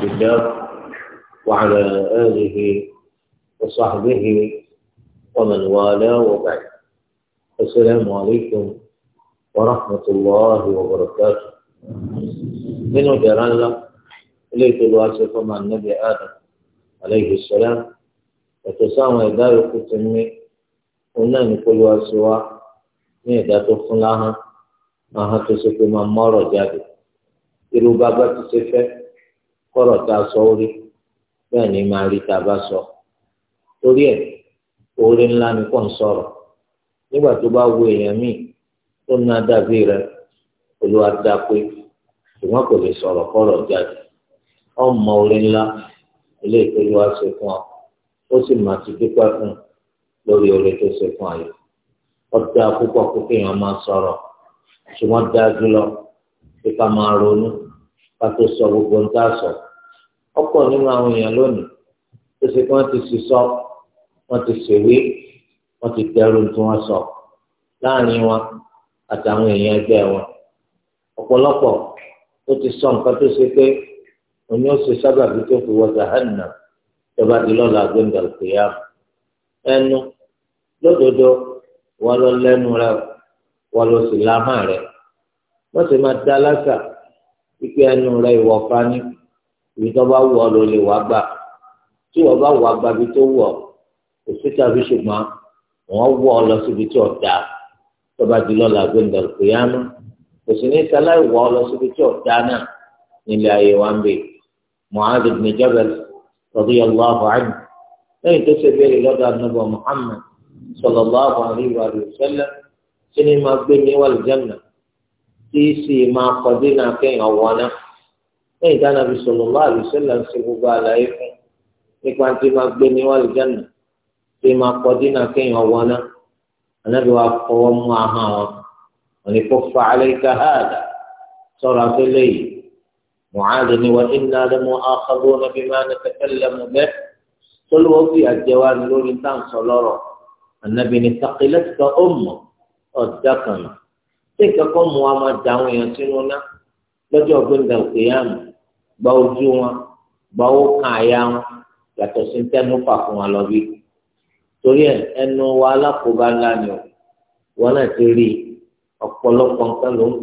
عبد الله وعلى آله وصحبه ومن والاه وبعد السلام عليكم ورحمة الله وبركاته من جران له إليك الواسف مع النبي آدم عليه السلام وتسامى إدارة التنمي قلنا نقول واسوا نيدا تخلاها ما fún ما láhán جادي إلو بابا máa kọ́rọ̀ tá a sọ orí bẹ́ẹ̀ ni máa rí tá a bá sọ torí ẹ̀ orí ńlá ni kò ń sọ̀rọ̀ nígbà tó bá wo èèyàn míì tó ń ná dàbí rẹ olúwa dá pé ṣùgbọ́n kò lè sọ̀rọ̀ kọ́rọ̀ jáde ọmọ orí ńlá ilé ìtọ́jú wa ṣe fún ọ ó sì máa ti dúpẹ́ fún lórí orí tó ṣe fún ayé ọ̀dà púpọ̀ kó kéèyàn máa sọ̀rọ̀ ṣùgbọ́n dájú lọ pé máa ronú pàtó sọ gbogbo ń tá a sọ ọ̀pọ̀ nínú àwọn èèyàn lónìí tó ṣe kí wọ́n ti sísọ wọ́n ti ṣèwé wọ́n ti dẹrù tí wọ́n sọ láàrin wọn àtàwọn èèyàn ẹgbẹ́ wọn ọ̀pọ̀lọpọ̀ tó ti sọ nǹkan tó ṣe pé òní ó ṣe sábàbí tó fi wọ zahanna tọba di lọ́la gbẹngàn kìíyà ẹnu lódodo wọn lọ lẹ́nu rẹ̀ wọn lọ sí lámà rẹ̀ wọ́n sì máa dá lásà pípẹ́ ẹnu rẹ ìwọ̀fà ní ibi tó bá wù ọ́ ló lè wá gbà tí wọ́n bá wù àgbà ibi tó wù ọ́ kò sí tàbí ṣùgbọ́n wọ́n wù ọ́ lọ síbi tí ọ̀dà tó bá di lọ́la gbẹ̀ndà kìyàmù kò sí ní sáláì wù ọ́ lọ síbi tí ọ̀dà náà nílé ayé wa ń bè Mu'adh ibn Jabal radiyallahu anhu lẹ́yìn tó ṣe béèrè lọ́dọ̀ anábọ̀ Muhammad sallallahu alaihi wa sallam sínú ìmọ̀ gbé ní tí í sì máa kọjú náà kéèyàn wọná lẹ́yìn dáná bí sallallahu alaihi wasallam ń ṣe gbogbo àlàyé fún nípa tí máa gbé ní wàlìjánà tí máa kọjú náà kéèyàn wọná ànábi wa fọwọ́ mú ahọ́n wọn òní kò fa alayka hada sọ̀rọ̀ abẹ́lé yìí Mu'adh ni wa inna lamu'akhadhuna bima natakallamu bih tolówó fi àjẹwà lórí táǹsọ̀ lọ́rọ̀ ànábi ni taqilatka ṣé nǹkan kan mú wa máa da àwọn èèyàn sínú ná lọ́jọ́ ọ̀gbìndà òkè yá mi gba ojú wọn gba owó kan àyà wọn yàtọ̀ sí tẹnu fà fún wa lọ bí torí ẹ ẹnu wa alákòóbá ńlá ni o wọn náà ti rí ọ̀pọ̀lọpọ̀ nǹkan ló ń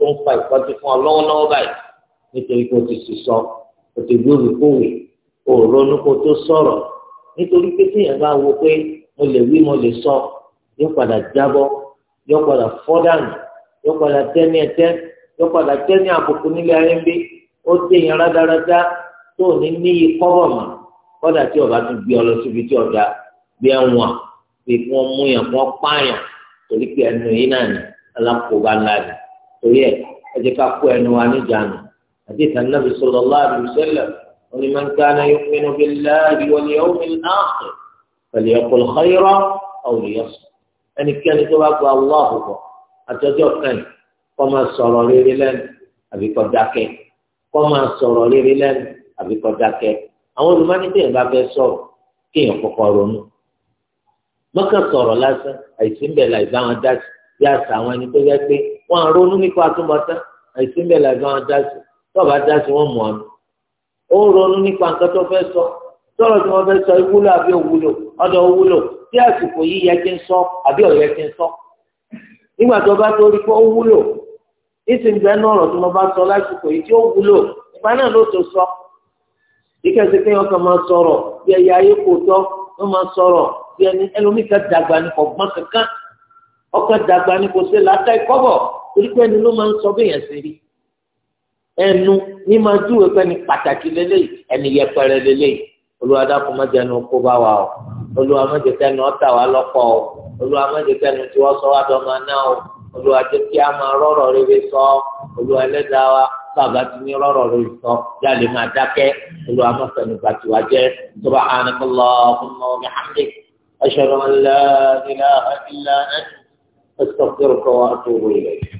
ló ń fa ìpọ́jú fún ọ lọ́wọ́lọ́wọ́ báyìí nítorí pé o ti sísọ o ti gbóòwì kówì o ronú kó tó sọ̀rọ̀ nítorí pé téèyàn bá wo pé mo lè wí mo lè sọ yóò padà jábọ́ yọ padà fọ́ dànù yọ padà tẹ́ni ẹ̀tẹ́ yọ padà tẹ́ni àbùkù nílé ayé ń bí ó téèyàn rádaràdá tó ní níyì kọ́bọ̀ mọ́ kọ́dà tí ọba tún gbé ọ lọ síbi tí ọ̀dà gbé ẹ̀wọ̀n pé kí wọ́n mú yàn kí wọ́n pààyàn torí pé ẹnu yìí náà ni alákòóbá ńlá ni torí ẹ ẹ jẹ́ ká kó ẹnu wa níjànú àti ìtàn Nabi sallallahu alaihi wasallam man kana yu'minu billahi wal yawmil akhir falyaqul khayran aw liyasmut ẹnikẹ́ni tó bá gba aláhùn bọ̀ àtọ́jọ́ kan kọ́ máa sọ̀rọ̀ rere lẹ́nu àbí kọ́ dákẹ́ kọ́ máa sọ̀rọ̀ rere lẹ́nu àbí kọ́ dákẹ́ àwọn olùmọ́nìtẹ̀yìn bá fẹ́ sọ̀rọ̀ kéèyàn kọ́kọ́ ronú mọ́kàn sọ̀rọ̀ lásán àìsí ńbẹ̀ láì bá wọn dá sí bí àṣà àwọn ẹni tó yẹ pé wọ́n á ronú nípa àtúbọ̀tán àìsí ńbẹ̀ láì bá wọn dá tó bá dá wọ́n mọ̀ ọ́nù ó ronú nípa nǹkan tó fẹ́ sọ sọ̀rọ̀ tí wọ́n fẹ́ sọ ìwúlò àbí òwúlò ọ̀dọ̀ òwúlò tí àsìkò yìí yẹ kí n sọ àbí ọ̀yẹ kí n sọ nígbà tó bá tó rí pé ó wúlò nísìnyí bẹ́ẹ̀ náà ọ̀rọ̀ tó lọ́ bá sọ lásìkò yìí tí ó wúlò ìgbà náà ló tó sọ ìkẹsẹ̀ pé ọkàn máa sọ̀rọ̀ bí ẹyẹ ayé kò tọ́ wọ́n máa sọ̀rọ̀ bí ẹni ẹlòmíì ká dàgbà ní ọgbọ́n kankan ọkàn dàgbà ní kò ṣe làákà ìkọ́bọ̀ torí pé ẹni ló máa ń sọ bí èèyàn ṣe rí ẹnu ní máa dúró pé ẹni pàtàkì lélẹ́yìí ẹni yẹpẹrẹ lélẹ́yìí olùwàdàkùn mọ́jẹnu kó bá wa o olùwàmọ́jẹkẹ́nu ọ̀tà wa lọ́kọ̀ o olùwàmọ́jẹkẹ́nu tí wọ́n sọ wá dọ́mọ náà o olùwàjẹkẹ́ a máa rọ̀rọ̀ rere sọ olùwàlẹ́dàá wa bàbá ti ní rọ̀rọ̀ rere sọ jáde máa dákẹ́ olùwàmọ́sẹ̀nu bàtì wa jẹ́ subhanakallahumma wa bihamdik ashhadu an la ilaha illa anta astaghfiruka wa